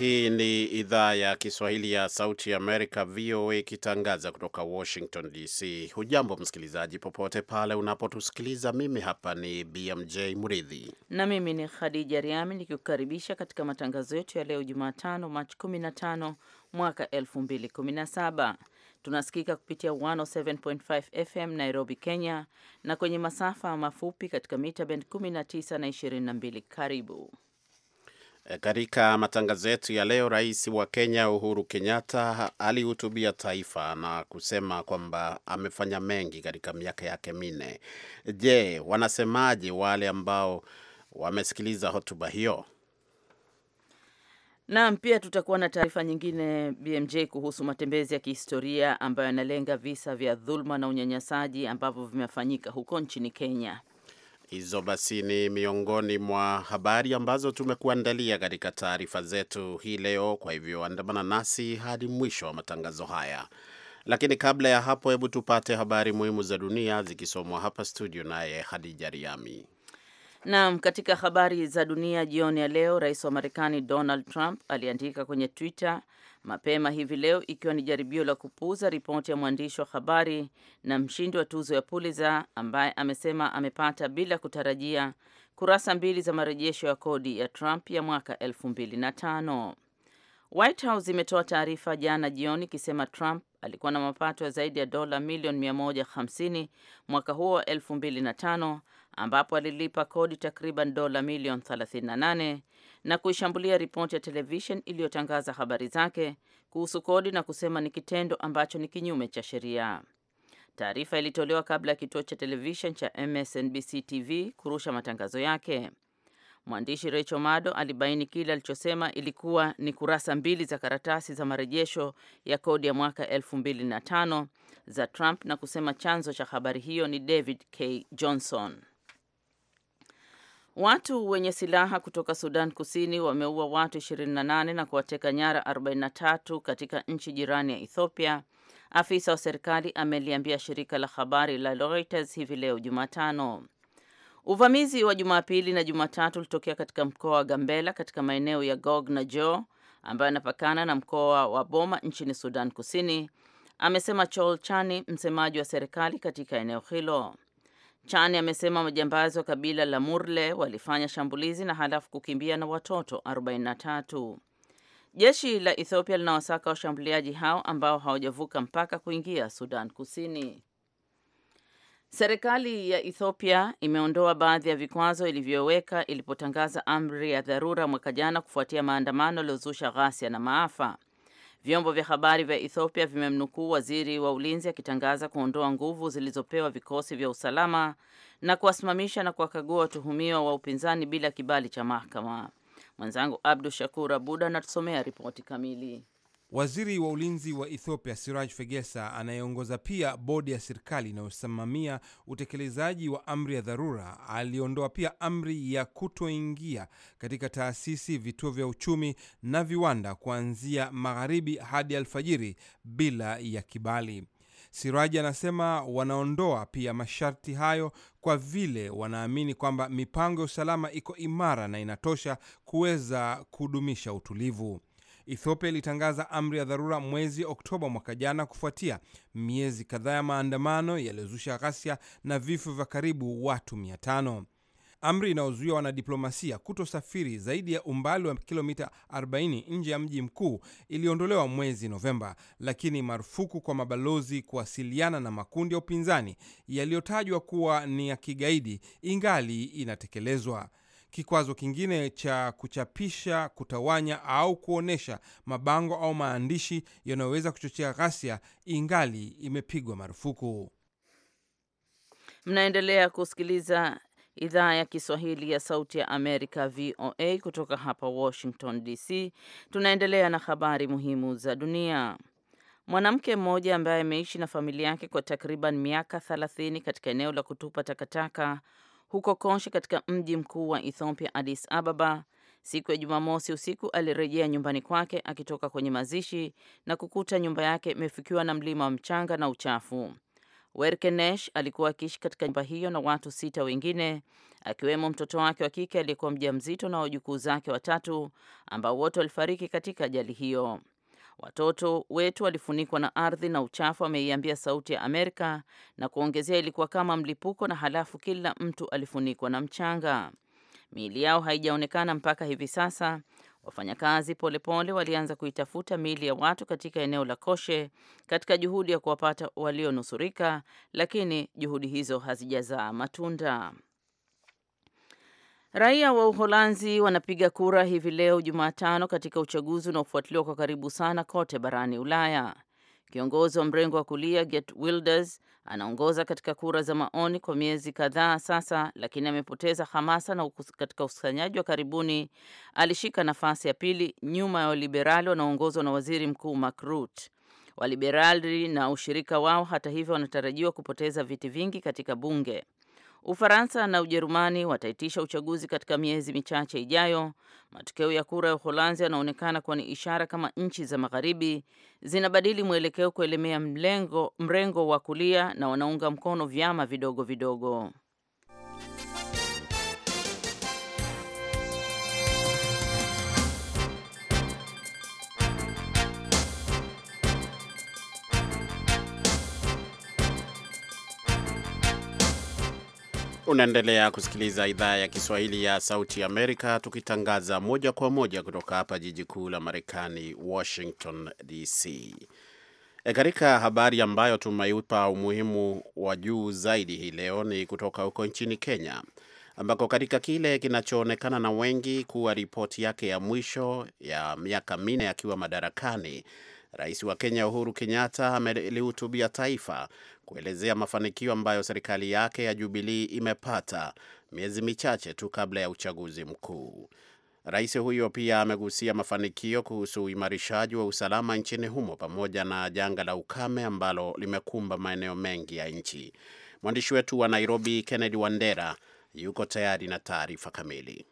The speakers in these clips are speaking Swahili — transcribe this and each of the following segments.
Hii ni idhaa ya Kiswahili ya Sauti ya Amerika, VOA, ikitangaza kutoka Washington DC. Hujambo msikilizaji, popote pale unapotusikiliza. Mimi hapa ni BMJ Mridhi na mimi ni Khadija Riami nikikukaribisha katika matangazo yetu ya leo Jumatano, Machi 15 mwaka 2017. Tunasikika kupitia 107.5 FM Nairobi, Kenya, na kwenye masafa mafupi katika mita bend 19 na 22. Karibu Eh, katika matangazo yetu ya leo, rais wa Kenya Uhuru Kenyatta alihutubia taifa na kusema kwamba amefanya mengi katika miaka yake minne. Je, wanasemaje wale ambao wamesikiliza hotuba hiyo? Naam, pia tutakuwa na taarifa nyingine BMJ kuhusu matembezi ya kihistoria ambayo yanalenga visa vya dhuluma na unyanyasaji ambavyo vimefanyika huko nchini Kenya. Hizo basi ni miongoni mwa habari ambazo tumekuandalia katika taarifa zetu hii leo. Kwa hivyo andamana nasi hadi mwisho wa matangazo haya, lakini kabla ya hapo, hebu tupate habari muhimu za dunia zikisomwa hapa studio naye Hadija Riami. Naam, katika habari za dunia jioni ya leo, rais wa Marekani Donald Trump aliandika kwenye Twitter mapema hivi leo, ikiwa ni jaribio la kupuuza ripoti ya mwandishi wa habari na mshindi wa tuzo ya Pulitzer ambaye amesema amepata bila kutarajia kurasa mbili za marejesho ya kodi ya Trump ya mwaka 2005. White House imetoa taarifa jana jioni ikisema Trump alikuwa na mapato ya zaidi ya dola milioni 150 mwaka huo wa 2005 ambapo alilipa kodi takriban dola milioni 38 na kuishambulia ripoti ya televishen iliyotangaza habari zake kuhusu kodi na kusema ni kitendo ambacho ni kinyume cha sheria. Taarifa ilitolewa kabla ya kituo cha televishen cha MSNBC TV kurusha matangazo yake. Mwandishi Rachel Mado alibaini kile alichosema ilikuwa ni kurasa mbili za karatasi za marejesho ya kodi ya mwaka 2005 za Trump na kusema chanzo cha habari hiyo ni David K. Johnson. Watu wenye silaha kutoka Sudan Kusini wameua watu 28 na kuwateka nyara 43 katika nchi jirani ya Ethiopia, afisa wa serikali ameliambia shirika la habari la Reuters hivi leo Jumatano. Uvamizi wa Jumapili na Jumatatu ulitokea katika mkoa wa Gambela katika maeneo ya Gog na Jo ambayo yanapakana na mkoa wa Boma nchini Sudan Kusini, amesema Chol Chani, msemaji wa serikali katika eneo hilo. Chani amesema majambazi wa kabila la Murle walifanya shambulizi na halafu kukimbia na watoto 43. Jeshi la Ethiopia linawasaka washambuliaji hao ambao hawajavuka mpaka kuingia Sudan Kusini. Serikali ya Ethiopia imeondoa baadhi ya vikwazo ilivyoweka ilipotangaza amri ya dharura mwaka jana kufuatia maandamano yaliyozusha ghasia na maafa. Vyombo vya habari vya Ethiopia vimemnukuu waziri wa ulinzi akitangaza kuondoa nguvu zilizopewa vikosi vya usalama na kuwasimamisha na kuwakagua watuhumiwa wa upinzani bila kibali cha mahakama. Mwenzangu Abdu Shakur Abud anatusomea ripoti kamili. Waziri wa ulinzi wa Ethiopia Siraj Fegesa, anayeongoza pia bodi ya serikali inayosimamia utekelezaji wa amri ya dharura, aliondoa pia amri ya kutoingia katika taasisi, vituo vya uchumi na viwanda kuanzia magharibi hadi alfajiri bila ya kibali. Siraji anasema wanaondoa pia masharti hayo kwa vile wanaamini kwamba mipango ya usalama iko imara na inatosha kuweza kudumisha utulivu. Ethiopia ilitangaza amri ya dharura mwezi Oktoba mwaka jana, kufuatia miezi kadhaa ya maandamano yaliyozusha ghasia na vifo vya karibu watu 500. Amri inayozuia wanadiplomasia kutosafiri zaidi ya umbali wa kilomita 40 nje ya mji mkuu iliondolewa mwezi Novemba, lakini marufuku kwa mabalozi kuwasiliana na makundi ya upinzani yaliyotajwa kuwa ni ya kigaidi ingali inatekelezwa. Kikwazo kingine cha kuchapisha, kutawanya au kuonyesha mabango au maandishi yanayoweza kuchochea ghasia ingali imepigwa marufuku. Mnaendelea kusikiliza idhaa ya Kiswahili ya Sauti ya Amerika, VOA, kutoka hapa Washington DC. Tunaendelea na habari muhimu za dunia. Mwanamke mmoja ambaye ameishi na familia yake kwa takriban miaka 30 katika eneo la kutupa takataka huko Konshi katika mji mkuu wa Ethiopia Addis Ababa. Siku ya Jumamosi usiku alirejea nyumbani kwake akitoka kwenye mazishi na kukuta nyumba yake imefikiwa na mlima wa mchanga na uchafu. Werkenesh alikuwa akiishi katika nyumba hiyo na watu sita wengine akiwemo mtoto wake wa kike aliyekuwa mjamzito na wajukuu zake watatu ambao wote walifariki katika ajali hiyo. Watoto wetu walifunikwa na ardhi na uchafu, ameiambia Sauti ya Amerika na kuongezea, ilikuwa kama mlipuko na halafu kila mtu alifunikwa na mchanga. Miili yao haijaonekana mpaka hivi sasa. Wafanyakazi polepole walianza kuitafuta miili ya watu katika eneo la Koshe katika juhudi ya kuwapata walionusurika, lakini juhudi hizo hazijazaa matunda. Raia wa Uholanzi wanapiga kura hivi leo Jumatano katika uchaguzi unaofuatiliwa kwa karibu sana kote barani Ulaya. Kiongozi wa mrengo wa kulia Geert Wilders anaongoza katika kura za maoni kwa miezi kadhaa sasa, lakini amepoteza hamasa na katika ukusanyaji wa karibuni alishika nafasi ya pili nyuma ya waliberali wanaoongozwa na waziri mkuu Mark Rutte. Waliberali na ushirika wao, hata hivyo, wanatarajiwa kupoteza viti vingi katika bunge. Ufaransa na Ujerumani wataitisha uchaguzi katika miezi michache ijayo. Matokeo ya kura ya Uholanzi yanaonekana kuwa ni ishara kama nchi za magharibi zinabadili mwelekeo kuelemea mrengo wa kulia na wanaunga mkono vyama vidogo vidogo. Unaendelea kusikiliza idhaa ya Kiswahili ya Sauti Amerika, tukitangaza moja kwa moja kutoka hapa jiji kuu la Marekani, Washington DC. E, katika habari ambayo tumeipa umuhimu wa juu zaidi hii leo ni kutoka huko nchini Kenya ambako katika kile kinachoonekana na wengi kuwa ripoti yake ya mwisho ya miaka minne akiwa madarakani Rais wa Kenya Uhuru Kenyatta amelihutubia taifa kuelezea mafanikio ambayo serikali yake ya Jubilii imepata miezi michache tu kabla ya uchaguzi mkuu. Rais huyo pia amegusia mafanikio kuhusu uimarishaji wa usalama nchini humo pamoja na janga la ukame ambalo limekumba maeneo mengi ya nchi. Mwandishi wetu wa Nairobi Kennedy Wandera yuko tayari na taarifa kamili.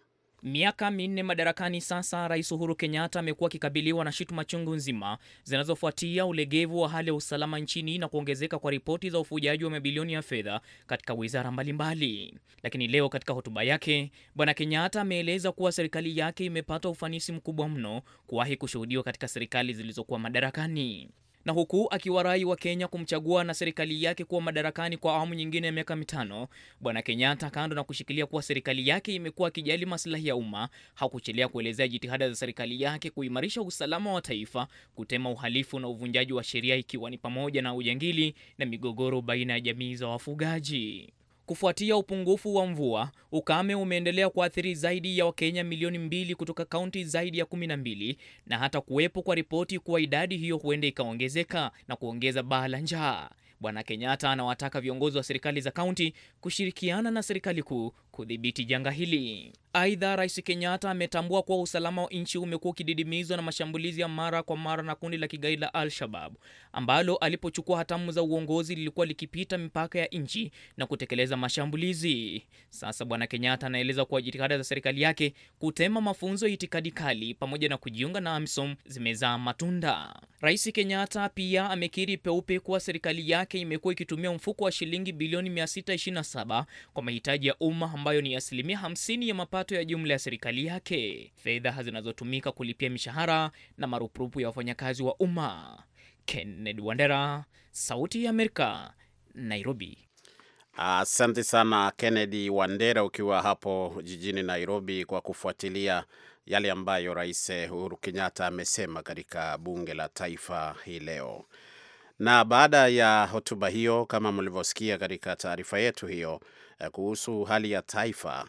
Miaka minne madarakani sasa, Rais Uhuru Kenyatta amekuwa akikabiliwa na shutuma chungu nzima zinazofuatia ulegevu wa hali ya usalama nchini na kuongezeka kwa ripoti za ufujaji wa mabilioni ya fedha katika wizara mbalimbali. Lakini leo katika hotuba yake, Bwana Kenyatta ameeleza kuwa serikali yake imepata ufanisi mkubwa mno kuwahi kushuhudiwa katika serikali zilizokuwa madarakani na huku akiwarai wa Kenya kumchagua na serikali yake kuwa madarakani kwa awamu nyingine ya miaka mitano, Bwana Kenyatta, kando na kushikilia kuwa serikali yake imekuwa akijali maslahi ya umma, hakuchelea kuelezea jitihada za serikali yake kuimarisha usalama wa taifa, kutema uhalifu na uvunjaji wa sheria, ikiwa ni pamoja na ujangili na migogoro baina ya jamii za wafugaji. Kufuatia upungufu wa mvua, ukame umeendelea kuathiri zaidi ya Wakenya milioni mbili kutoka kaunti zaidi ya kumi na mbili na hata kuwepo kwa ripoti kuwa idadi hiyo huenda ikaongezeka na kuongeza baa la njaa. Bwana Kenyatta anawataka viongozi wa serikali za kaunti kushirikiana na serikali kuu kudhibiti janga hili. Aidha, Rais Kenyatta ametambua kuwa usalama wa nchi umekuwa ukididimizwa na mashambulizi ya mara kwa mara na kundi la kigaidi la Al-Shabab ambalo alipochukua hatamu za uongozi lilikuwa likipita mipaka ya nchi na kutekeleza mashambulizi. Sasa Bwana Kenyatta anaeleza kuwa jitihada za serikali yake kutema mafunzo ya itikadi kali pamoja na kujiunga na AMISOM zimezaa matunda. Rais Kenyatta pia amekiri peupe kuwa serikali yake imekuwa ikitumia mfuko wa shilingi bilioni 627 kwa mahitaji ya umma ambayo ni asilimia 50 ya mapato ya jumla ya serikali yake, fedha zinazotumika kulipia mishahara na marupurupu ya wafanyakazi wa umma. Kennedy Wandera, Sauti ya Amerika, Nairobi. Asante sana Kennedy Wandera ukiwa hapo jijini Nairobi kwa kufuatilia yale ambayo Rais Uhuru Kenyatta amesema katika bunge la taifa hii leo. Na baada ya hotuba hiyo, kama mlivyosikia katika taarifa yetu hiyo, Eh, kuhusu hali ya taifa,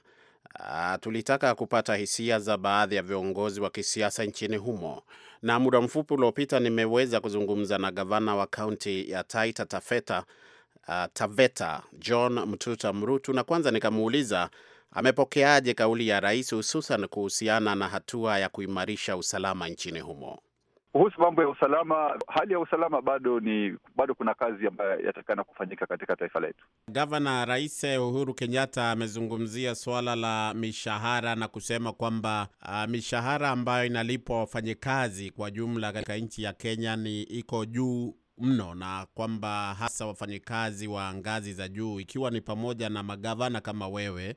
ah, tulitaka kupata hisia za baadhi ya viongozi wa kisiasa nchini humo, na muda mfupi uliopita nimeweza kuzungumza na gavana wa kaunti ya Taita Taveta, uh, ah, Taveta John Mtuta Mrutu, na kwanza nikamuuliza amepokeaje kauli ya rais, hususan kuhusiana na hatua ya kuimarisha usalama nchini humo. Kuhusu mambo ya usalama, hali ya usalama bado ni bado, kuna kazi ambayo yatakana kufanyika katika taifa letu. Gavana Rais Uhuru Kenyatta amezungumzia suala la mishahara na kusema kwamba uh, mishahara ambayo inalipwa wafanyikazi kwa jumla katika nchi ya Kenya ni iko juu mno na kwamba hasa wafanyikazi wa ngazi za juu ikiwa ni pamoja na magavana kama wewe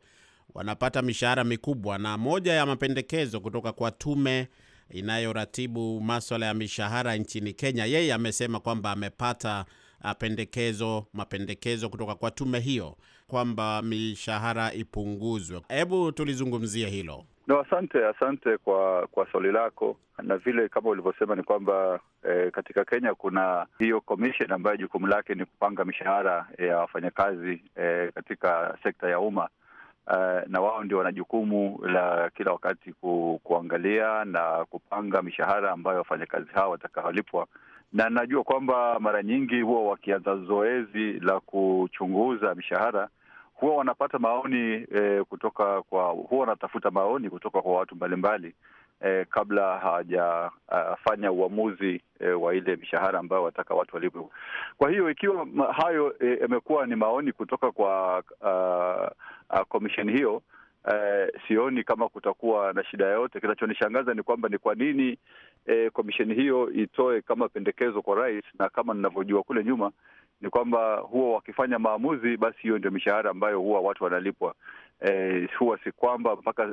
wanapata mishahara mikubwa, na moja ya mapendekezo kutoka kwa tume inayoratibu maswala ya mishahara nchini Kenya, yeye amesema kwamba amepata uh, pendekezo, mapendekezo kutoka kwa tume hiyo kwamba mishahara ipunguzwe. Hebu tulizungumzie hilo. No, asante asante kwa kwa swali lako, na vile kama ulivyosema ni kwamba e, katika Kenya kuna hiyo commission ambayo jukumu lake ni kupanga mishahara ya wafanyakazi e, katika sekta ya umma Uh, na wao ndio wana jukumu la kila wakati ku, kuangalia na kupanga mishahara ambayo wafanyakazi hao watakaolipwa, na najua kwamba mara nyingi huwa wakianza zoezi la kuchunguza mishahara huwa wanapata maoni eh, kutoka kwa huwa wanatafuta maoni kutoka kwa watu mbalimbali eh, kabla hawajafanya uh, uamuzi eh, wa ile mishahara ambayo wataka watu walipwe. Kwa hiyo ikiwa hayo eh, yamekuwa eh, ni maoni kutoka kwa uh, uh, uh, hiyo eh, sioni kama kutakuwa na shida yoyote. Kinachonishangaza ni kwamba ni kwa nini eh, komisheni hiyo itoe kama pendekezo kwa rais, na kama ninavyojua kule nyuma ni kwamba huwa wakifanya maamuzi basi hiyo ndio mishahara ambayo huwa watu wanalipwa. Eh, huwa si kwamba mpaka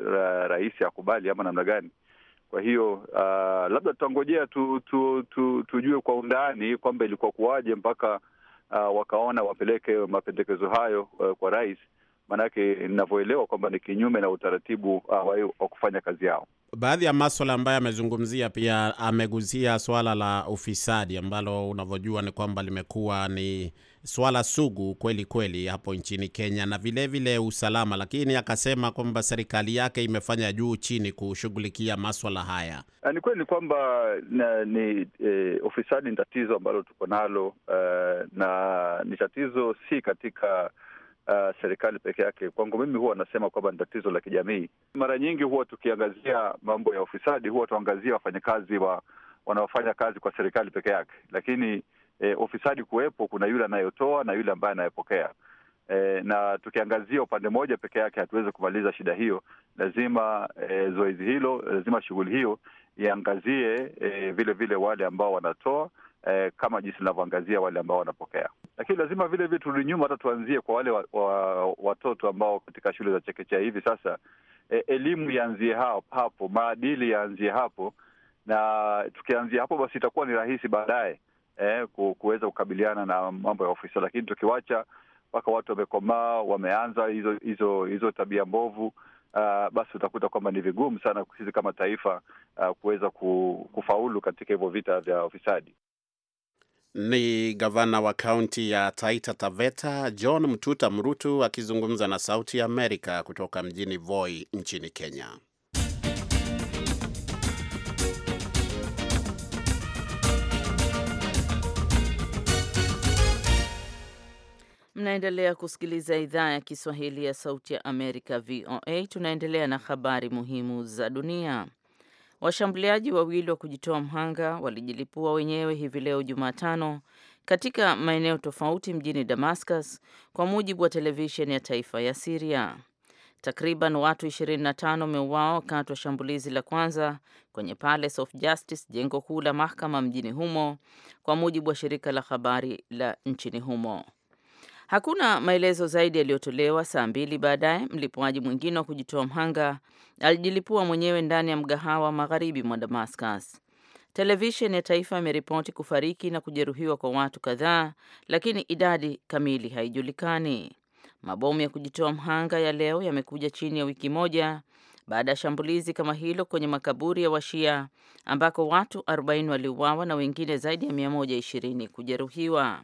rais akubali ama namna gani. Kwa hiyo uh, labda tutangojea tu, tu, tu, tujue kwa undani kwamba ilikuwa kuwaje mpaka uh, wakaona wapeleke mapendekezo hayo uh, kwa rais, maanake inavyoelewa kwamba ni kinyume na utaratibu uh, wa kufanya kazi yao. Baadhi ya maswala ambayo amezungumzia pia amegusia swala la ufisadi ambalo unavyojua ni kwamba limekuwa ni swala sugu kweli kweli hapo nchini Kenya na vilevile vile usalama, lakini akasema kwamba serikali yake imefanya juu chini kushughulikia maswala haya. Eh, ni kweli kwamba ni eh, ofisadi ni tatizo ambalo tuko nalo uh, na ni tatizo si katika Uh, serikali peke yake. Kwangu mimi huwa nasema kwamba ni tatizo la kijamii. Mara nyingi huwa tukiangazia mambo ya ufisadi huwa tuangazia wafanyakazi wa wanaofanya kazi kwa serikali peke yake, lakini eh, ufisadi kuwepo, kuna yule anayotoa na yule ambaye anayepokea. E, na tukiangazia upande mmoja peke yake hatuwezi kumaliza shida hiyo. Lazima e, zoezi hilo, lazima shughuli hiyo iangazie e, vile vile wale ambao wanatoa e, kama jinsi linavyoangazia wale ambao wanapokea. Lakini lazima vile vile turudi nyuma, hata tuanzie kwa wale wa, wa, watoto ambao katika shule za chekechea hivi sasa. E, elimu yaanzie hapo, maadili yaanzie hapo, na tukianzia hapo basi itakuwa ni rahisi baadaye eh, kuweza kukabiliana na mambo ya ofisa lakini tukiwacha mpaka watu wamekomaa, wameanza hizo hizo hizo tabia mbovu Uh, basi utakuta kwamba ni vigumu sana sisi kama taifa uh, kuweza kufaulu katika hivyo vita vya ufisadi. Ni gavana wa kaunti ya Taita Taveta John Mtuta Mrutu akizungumza na Sauti ya Amerika kutoka mjini Voi nchini Kenya. Mnaendelea kusikiliza idhaa ya Kiswahili ya Sauti ya Amerika, VOA. Tunaendelea na habari muhimu za dunia. Washambuliaji wawili wa kujitoa mhanga walijilipua wenyewe hivi leo Jumatano katika maeneo tofauti mjini Damascus, kwa mujibu wa televisheni ya taifa ya Siria. Takriban watu 25 wameuawa wakati wa shambulizi la kwanza kwenye Palace of Justice, jengo kuu la mahakama mjini humo, kwa mujibu wa shirika la habari la nchini humo. Hakuna maelezo zaidi yaliyotolewa. Saa mbili baadaye, mlipuaji mwingine wa kujitoa mhanga alijilipua mwenyewe ndani ya mgahawa magharibi mwa Damascus. Televisheni ya taifa imeripoti kufariki na kujeruhiwa kwa watu kadhaa, lakini idadi kamili haijulikani. Mabomu ya kujitoa mhanga ya leo yamekuja chini ya wiki moja baada ya shambulizi kama hilo kwenye makaburi ya Washia ambako watu 40 waliuawa na wengine zaidi ya 120 kujeruhiwa.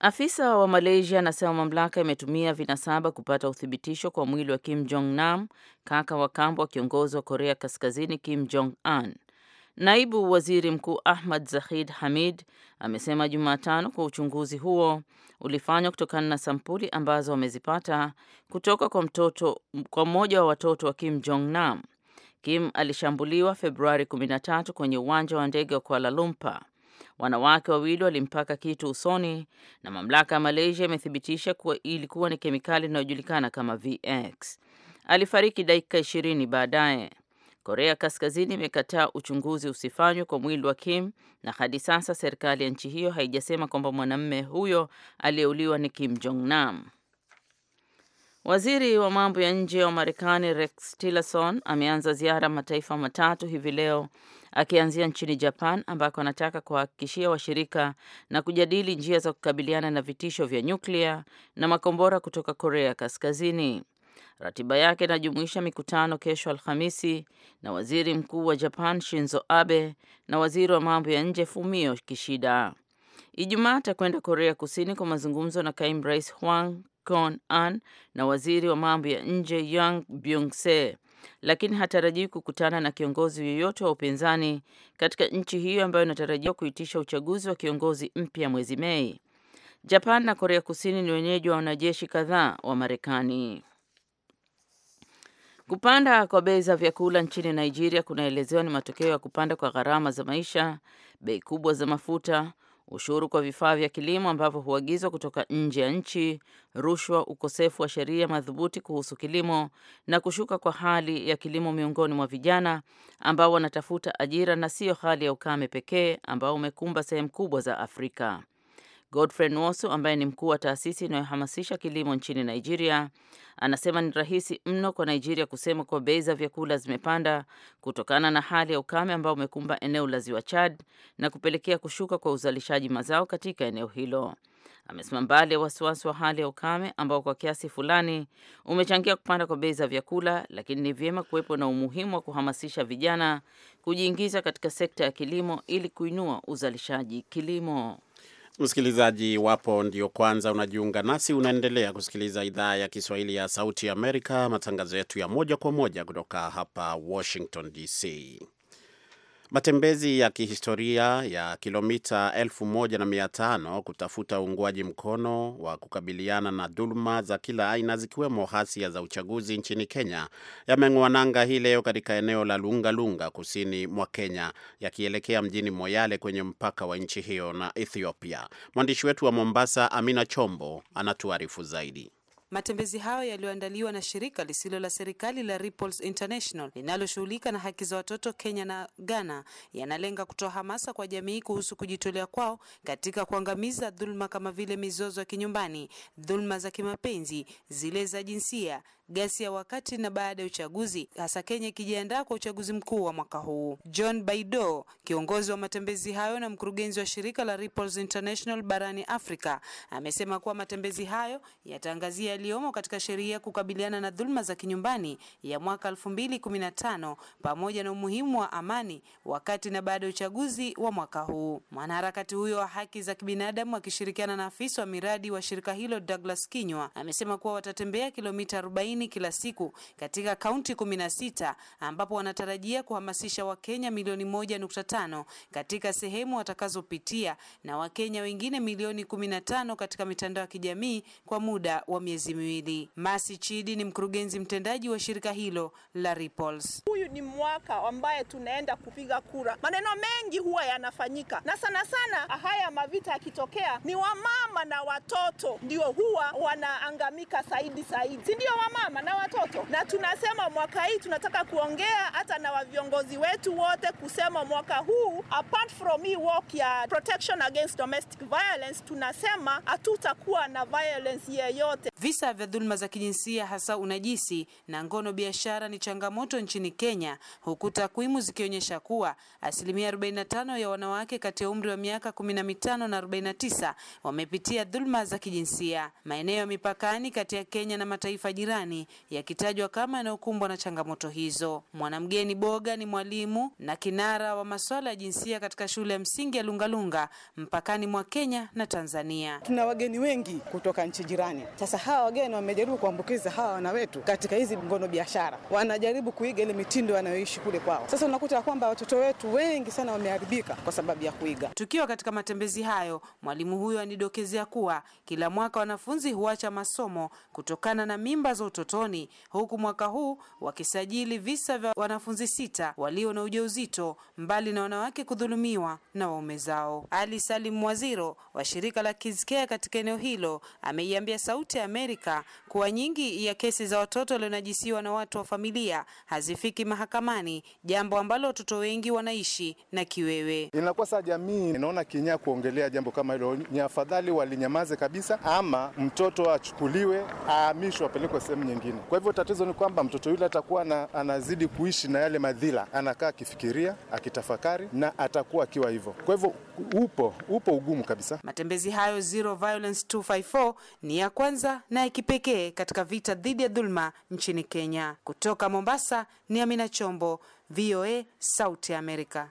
Afisa wa Malaysia anasema mamlaka imetumia vinasaba kupata uthibitisho kwa mwili wa Kim Jong Nam, kaka wa kambo wa kiongozi wa Korea Kaskazini Kim Jong Un. Naibu Waziri Mkuu Ahmad Zahid Hamid amesema Jumatano kwa uchunguzi huo ulifanywa kutokana na sampuli ambazo wamezipata kutoka kwa mtoto kwa mmoja wa watoto wa Kim Jong Nam. Kim alishambuliwa Februari 13 kwenye uwanja wa ndege wa Kuala Lumpur. Wanawake wawili walimpaka kitu usoni na mamlaka ya Malaysia imethibitisha kuwa ilikuwa ni kemikali inayojulikana kama VX. Alifariki dakika 20 baadaye. Korea Kaskazini imekataa uchunguzi usifanywe kwa mwili wa Kim na hadi sasa serikali ya nchi hiyo haijasema kwamba mwanamume huyo aliyeuliwa ni Kim Jong Nam. Waziri wa mambo ya nje wa Marekani Rex Tillerson ameanza ziara mataifa matatu hivi leo akianzia nchini Japan ambako anataka kuwahakikishia washirika na kujadili njia za kukabiliana na vitisho vya nyuklia na makombora kutoka Korea Kaskazini. Ratiba yake inajumuisha mikutano kesho Alhamisi na waziri mkuu wa Japan Shinzo Abe na waziri wa mambo ya nje Fumio Kishida. Ijumaa atakwenda Korea Kusini kwa mazungumzo na kaimu rais Hwang Kon An na waziri wa mambo ya nje Yang Byung Se lakini hatarajii kukutana na kiongozi yoyote wa upinzani katika nchi hiyo ambayo inatarajiwa kuitisha uchaguzi wa kiongozi mpya mwezi Mei. Japan na Korea Kusini ni wenyeji wa wanajeshi kadhaa wa Marekani. Kupanda kwa bei za vyakula nchini Nigeria kunaelezewa ni matokeo ya kupanda kwa gharama za maisha, bei kubwa za mafuta, ushuru kwa vifaa vya kilimo ambavyo huagizwa kutoka nje ya nchi, rushwa, ukosefu wa sheria madhubuti kuhusu kilimo na kushuka kwa hali ya kilimo miongoni mwa vijana ambao wanatafuta ajira na siyo hali ya ukame pekee ambao umekumba sehemu kubwa za Afrika. Godfrey Nwosu ambaye ni mkuu wa taasisi inayohamasisha kilimo nchini Nigeria anasema ni rahisi mno kwa Nigeria kusema kuwa bei za vyakula zimepanda kutokana na hali ya ukame ambao umekumba eneo la Ziwa Chad na kupelekea kushuka kwa uzalishaji mazao katika eneo hilo. Amesema mbali ya wasiwasi wa hali ya ukame ambao kwa kiasi fulani umechangia kupanda kwa bei za vyakula, lakini ni vyema kuwepo na umuhimu wa kuhamasisha vijana kujiingiza katika sekta ya kilimo ili kuinua uzalishaji kilimo. Msikilizaji, iwapo ndio kwanza unajiunga nasi, unaendelea kusikiliza idhaa ya Kiswahili ya Sauti ya Amerika, matangazo yetu ya moja kwa moja kutoka hapa Washington DC. Matembezi ya kihistoria ya kilomita 15 kutafuta uungwaji mkono wa kukabiliana na dhuluma za kila aina zikiwemo ghasia za uchaguzi nchini Kenya yameng'oa nanga hii leo katika eneo la Lunga Lunga kusini mwa Kenya yakielekea mjini Moyale kwenye mpaka wa nchi hiyo na Ethiopia. Mwandishi wetu wa Mombasa Amina Chombo anatuarifu zaidi. Matembezi hayo yaliyoandaliwa na shirika lisilo la serikali la Ripples International linaloshughulika na haki za watoto Kenya na Ghana yanalenga kutoa hamasa kwa jamii kuhusu kujitolea kwao katika kuangamiza dhuluma kama vile mizozo ya kinyumbani, dhuluma za kimapenzi, zile za jinsia ghasia wakati na baada ya uchaguzi, hasa Kenya ikijiandaa kwa uchaguzi mkuu wa mwaka huu. John Baido, kiongozi wa matembezi hayo na mkurugenzi wa shirika la Ripples International barani Afrika, amesema kuwa matembezi hayo yataangazia yaliyomo katika sheria kukabiliana na dhuluma za kinyumbani ya mwaka 2015 pamoja na umuhimu wa amani wakati na baada ya uchaguzi wa mwaka huu. Mwanaharakati huyo wa haki za kibinadamu akishirikiana na afisa wa miradi wa shirika hilo Douglas Kinywa amesema kuwa watatembea kilomita arobaini kila siku katika kaunti 16 ambapo wanatarajia kuhamasisha Wakenya milioni 1.5 katika sehemu watakazopitia na Wakenya wengine milioni 15 katika mitandao ya kijamii kwa muda wa miezi miwili. Masi Chidi ni mkurugenzi mtendaji wa shirika hilo la Ripples. Huyu ni mwaka ambaye tunaenda kupiga kura. Maneno mengi huwa yanafanyika na sana sana haya mavita yakitokea, ni wamama na watoto ndio huwa wanaangamika zaidi zaidi, si ndio wamama? mama na watoto, na tunasema mwaka hii tunataka kuongea hata na viongozi wetu wote kusema mwaka huu, apart from hii work ya protection against domestic violence, tunasema hatutakuwa na violence yeyote. Visa vya dhuluma za kijinsia hasa unajisi na ngono biashara ni changamoto nchini Kenya, huku takwimu zikionyesha kuwa asilimia 45 ya wanawake kati ya umri wa miaka 15 na 49 wamepitia dhuluma za kijinsia maeneo ya mipakani kati ya Kenya na mataifa jirani mitaani yakitajwa kama yanayokumbwa na changamoto hizo. Mwanamgeni Boga ni mwalimu na kinara wa masuala ya jinsia katika shule ya msingi ya Lungalunga mpakani mwa Kenya na Tanzania. Tuna wageni wengi kutoka nchi jirani. Sasa hawa wageni wamejaribu kuambukiza hawa wana wetu katika hizi ngono biashara, wanajaribu kuiga ile mitindo wanayoishi kule kwao. Sasa unakuta kwamba watoto wetu wengi sana wameharibika kwa sababu ya kuiga. Tukiwa katika matembezi hayo, mwalimu huyo anidokezea kuwa kila mwaka wanafunzi huacha masomo kutokana na mimba za utoto utotoni, huku mwaka huu wakisajili visa vya wanafunzi sita walio na ujauzito, mbali na wanawake kudhulumiwa na waume zao. Ali Salim Waziro wa shirika la Kizkea katika eneo hilo ameiambia Sauti ya Amerika kuwa nyingi ya kesi za watoto walionajisiwa na watu wa familia hazifiki mahakamani, jambo ambalo watoto wengi wanaishi na kiwewe. saa jamii inaona kinyaa kuongelea jambo kama hilo, ni afadhali walinyamaze kabisa, ama mtoto achukuliwe aamishwe apelekwe sehemu mengine. Kwa hivyo tatizo ni kwamba mtoto yule atakuwa na, anazidi kuishi na yale madhila, anakaa akifikiria, akitafakari na atakuwa akiwa hivyo. Kwa hivyo upo upo ugumu kabisa. Matembezi hayo Zero Violence 254 ni ya kwanza na ya kipekee katika vita dhidi ya dhulma nchini Kenya. Kutoka Mombasa ni Amina Chombo, VOA, Sauti ya Amerika.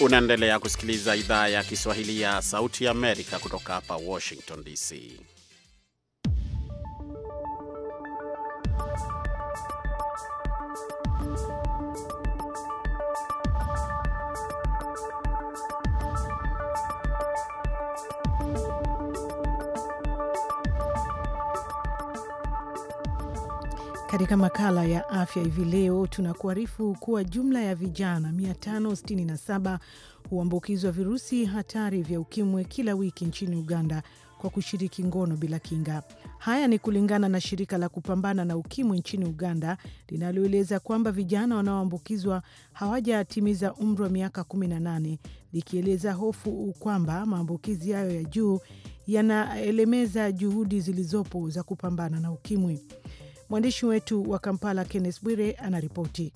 Unaendelea kusikiliza idhaa ya Kiswahili ya Sauti ya Amerika kutoka hapa Washington DC. Katika makala ya afya hivi leo tunakuarifu kuwa jumla ya vijana 567 huambukizwa virusi hatari vya ukimwi kila wiki nchini Uganda kwa kushiriki ngono bila kinga. Haya ni kulingana na shirika la kupambana na ukimwi nchini Uganda linaloeleza kwamba vijana wanaoambukizwa hawajatimiza umri wa miaka 18, likieleza hofu kwamba maambukizi hayo ya juu yanaelemeza juhudi zilizopo za kupambana na ukimwi. Mwandishi wetu wa Kampala, Kenneth Bwire, anaripoti.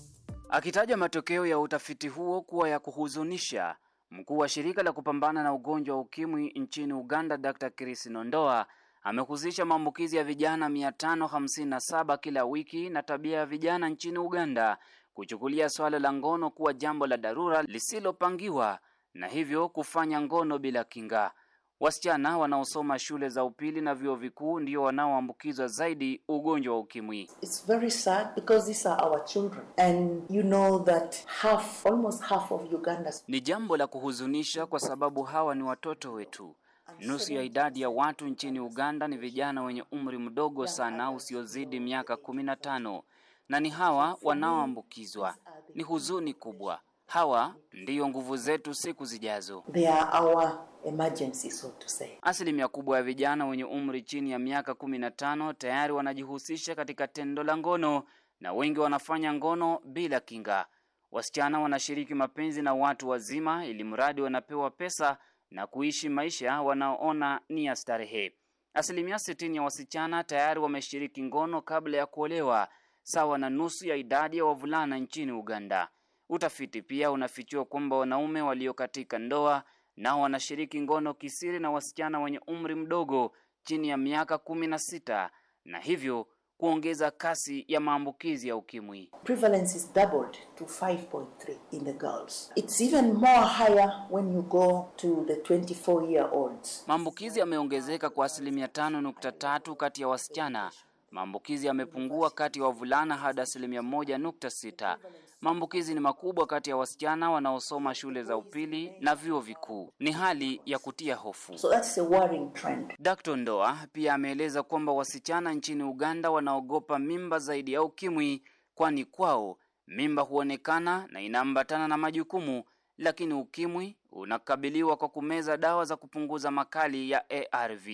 Akitaja matokeo ya utafiti huo kuwa ya kuhuzunisha, mkuu wa shirika la kupambana na ugonjwa wa ukimwi nchini Uganda, Dr Chris Nondoa amehusisha maambukizi ya vijana 557 kila wiki na tabia ya vijana nchini Uganda kuchukulia swala la ngono kuwa jambo la dharura lisilopangiwa na hivyo kufanya ngono bila kinga. Wasichana wanaosoma shule za upili na vyuo vikuu ndio wanaoambukizwa zaidi ugonjwa wa ukimwi. It's very sad because these are our children and you know that half, almost half of Uganda's. Ni jambo la kuhuzunisha kwa sababu hawa ni watoto wetu. Nusu ya idadi ya watu nchini Uganda ni vijana wenye umri mdogo sana usiozidi miaka kumi na tano na ni hawa wanaoambukizwa. Ni huzuni kubwa. Hawa ndiyo nguvu zetu siku zijazo. They are our emergency, so to say. Asilimia kubwa ya vijana wenye umri chini ya miaka kumi na tano tayari wanajihusisha katika tendo la ngono na wengi wanafanya ngono bila kinga. Wasichana wanashiriki mapenzi na watu wazima, ili mradi wanapewa pesa na kuishi maisha wanaoona ni ya starehe. Asilimia sitini ya wasichana tayari wameshiriki ngono kabla ya kuolewa, sawa na nusu ya idadi ya wavulana nchini Uganda. Utafiti pia unafichua kwamba wanaume walio katika ndoa nao wanashiriki ngono kisiri na wasichana wenye umri mdogo chini ya miaka kumi na sita na hivyo kuongeza kasi ya maambukizi ya ukimwi. Prevalence is doubled to 5.3 in the girls. It's even more higher when you go to the 24 year olds. Maambukizi yameongezeka kwa asilimia 5.3 kati ya wasichana Maambukizi yamepungua kati ya wavulana hadi asilimia moja nukta sita. Maambukizi ni makubwa kati ya wasichana wanaosoma shule za upili na vyuo vikuu. Ni hali ya kutia hofu. So that's a worrying trend. Dr. Ndoa pia ameeleza kwamba wasichana nchini Uganda wanaogopa mimba zaidi ya ukimwi, kwani kwao mimba huonekana na inaambatana na majukumu, lakini ukimwi unakabiliwa kwa kumeza dawa za kupunguza makali ya ARV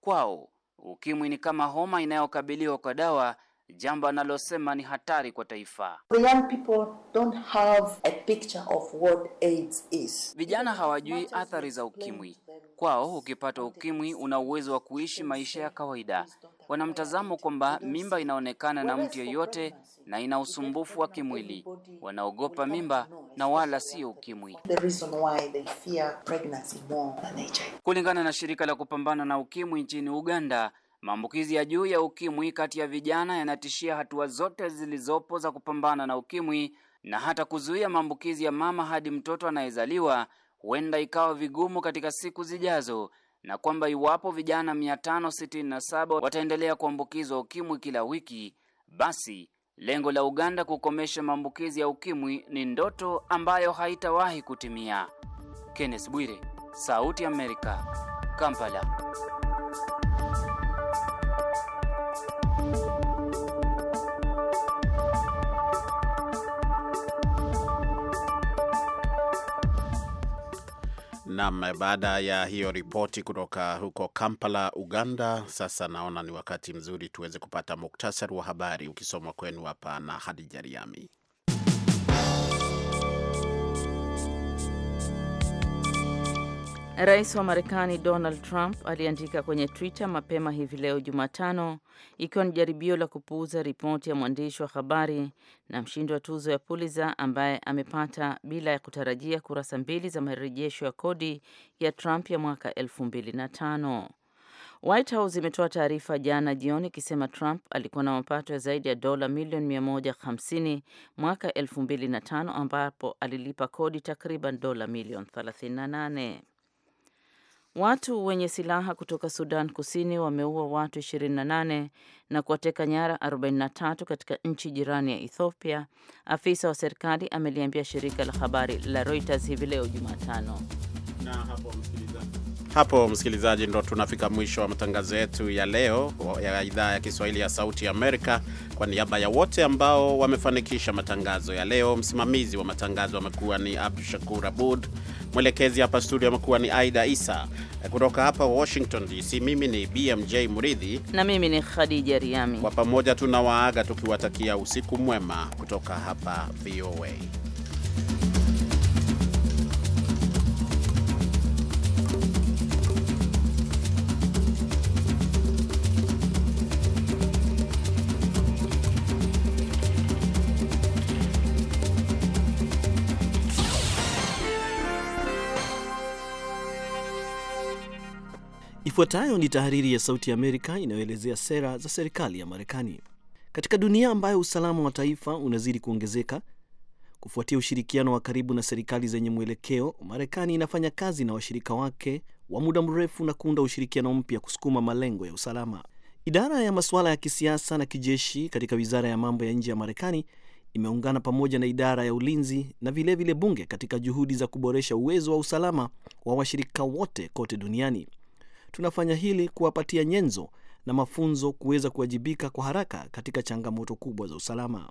kwao Ukimwi ni kama homa inayokabiliwa kwa dawa jambo analosema ni hatari kwa taifa. The young people don't have a picture of what AIDS is. Vijana hawajui athari za ukimwi. Kwao ukipata ukimwi una uwezo wa kuishi maisha ya kawaida. Wanamtazamo kwamba mimba inaonekana na mtu yeyote na ina usumbufu wa kimwili. Wanaogopa mimba na wala sio ukimwi. Kulingana na shirika la kupambana na ukimwi nchini Uganda, Maambukizi ya juu ya ukimwi kati ya vijana yanatishia hatua zote zilizopo za kupambana na ukimwi na hata kuzuia maambukizi ya mama hadi mtoto anayezaliwa huenda ikawa vigumu katika siku zijazo, na kwamba iwapo vijana 567 wataendelea kuambukizwa ukimwi kila wiki, basi lengo la Uganda kukomesha maambukizi ya ukimwi ni ndoto ambayo haitawahi kutimia. Kenneth Bwire, Sauti ya Amerika, Kampala. Naam, baada ya hiyo ripoti kutoka huko Kampala, Uganda, sasa naona ni wakati mzuri tuweze kupata muktasari wa habari ukisomwa kwenu hapa na Hadija Riami. Rais wa Marekani Donald Trump aliandika kwenye Twitter mapema hivi leo Jumatano, ikiwa ni jaribio la kupuuza ripoti ya mwandishi wa habari na mshindi wa tuzo ya Pulitzer ambaye amepata bila ya kutarajia kurasa mbili za marejesho ya kodi ya Trump ya mwaka 2005. White House imetoa taarifa jana jioni ikisema Trump alikuwa na mapato ya zaidi ya dola milioni 150 mwaka 2005 ambapo alilipa kodi takriban dola milioni 38. Watu wenye silaha kutoka Sudan Kusini wameua watu 28 na kuwateka nyara 43 katika nchi jirani ya Ethiopia, afisa wa serikali ameliambia shirika la habari la Reuters hivi leo Jumatano. Na hapo msikilizaji, hapo msikilizaji, ndo tunafika mwisho wa matangazo yetu ya leo ya idhaa ya Kiswahili ya Sauti Amerika. Kwa niaba ya wote ambao wamefanikisha matangazo ya leo, msimamizi wa matangazo amekuwa ni Abdu Shakur Abud. Mwelekezi hapa studio amekuwa ni Aida Isa. Kutoka hapa Washington DC, mimi ni BMJ Muridhi na mimi ni Khadija Riami. Kwa pamoja tunawaaga tukiwatakia usiku mwema kutoka hapa VOA. Ifuatayo ni tahariri ya Sauti ya Amerika inayoelezea sera za serikali ya Marekani. Katika dunia ambayo usalama wa taifa unazidi kuongezeka kufuatia ushirikiano wa karibu na serikali zenye mwelekeo, Marekani inafanya kazi na washirika wake wa muda mrefu na kuunda ushirikiano mpya kusukuma malengo ya usalama. Idara ya masuala ya kisiasa na kijeshi katika Wizara ya Mambo ya Nje ya Marekani imeungana pamoja na idara ya ulinzi na vilevile vile bunge katika juhudi za kuboresha uwezo wa usalama wa washirika wote kote duniani tunafanya hili kuwapatia nyenzo na mafunzo kuweza kuwajibika kwa haraka katika changamoto kubwa za usalama.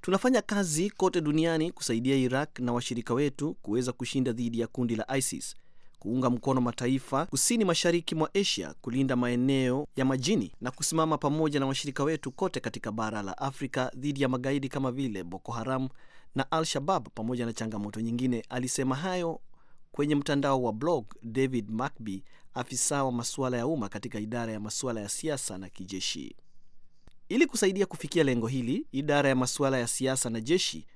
Tunafanya kazi kote duniani kusaidia Iraq na washirika wetu kuweza kushinda dhidi ya kundi la ISIS, kuunga mkono mataifa kusini mashariki mwa Asia kulinda maeneo ya majini na kusimama pamoja na washirika wetu kote katika bara la Afrika dhidi ya magaidi kama vile Boko Haram na Al-Shabab pamoja na changamoto nyingine. Alisema hayo Kwenye mtandao wa blog, David Macby, afisa wa masuala ya umma katika idara ya masuala ya siasa na kijeshi. Ili kusaidia kufikia lengo hili, idara ya masuala ya siasa na jeshi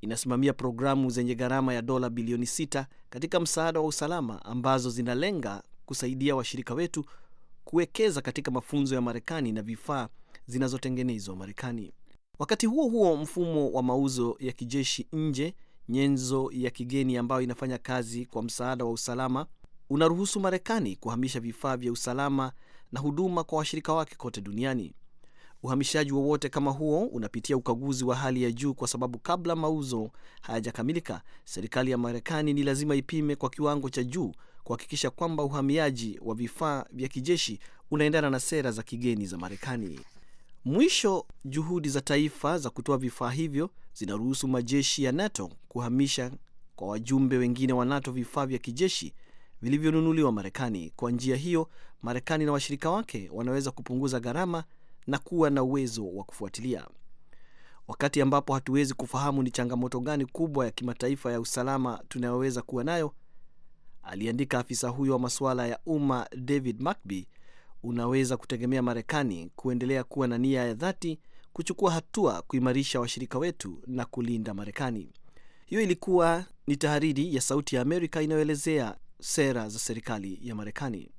inasimamia programu zenye gharama ya dola bilioni sita katika msaada wa usalama ambazo zinalenga kusaidia washirika wetu kuwekeza katika mafunzo ya Marekani na vifaa zinazotengenezwa Marekani. Wakati huo huo, mfumo wa mauzo ya kijeshi nje nyenzo ya kigeni ambayo inafanya kazi kwa msaada wa usalama unaruhusu Marekani kuhamisha vifaa vya usalama na huduma kwa washirika wake kote duniani. Uhamishaji wowote kama huo unapitia ukaguzi wa hali ya juu, kwa sababu kabla mauzo hayajakamilika, serikali ya Marekani ni lazima ipime kwa kiwango cha juu kuhakikisha kwamba uhamiaji wa vifaa vya kijeshi unaendana na sera za kigeni za Marekani. Mwisho, juhudi za taifa za kutoa vifaa hivyo zinaruhusu majeshi ya NATO kuhamisha kwa wajumbe wengine wa NATO vifaa vya kijeshi vilivyonunuliwa Marekani. Kwa njia hiyo, Marekani na washirika wake wanaweza kupunguza gharama na kuwa na uwezo wa kufuatilia. Wakati ambapo hatuwezi kufahamu ni changamoto gani kubwa ya kimataifa ya usalama tunayoweza kuwa nayo, aliandika afisa huyo wa masuala ya umma David McBee unaweza kutegemea Marekani kuendelea kuwa na nia ya dhati kuchukua hatua kuimarisha washirika wetu na kulinda Marekani. Hiyo ilikuwa ni tahariri ya Sauti ya Amerika inayoelezea sera za serikali ya Marekani.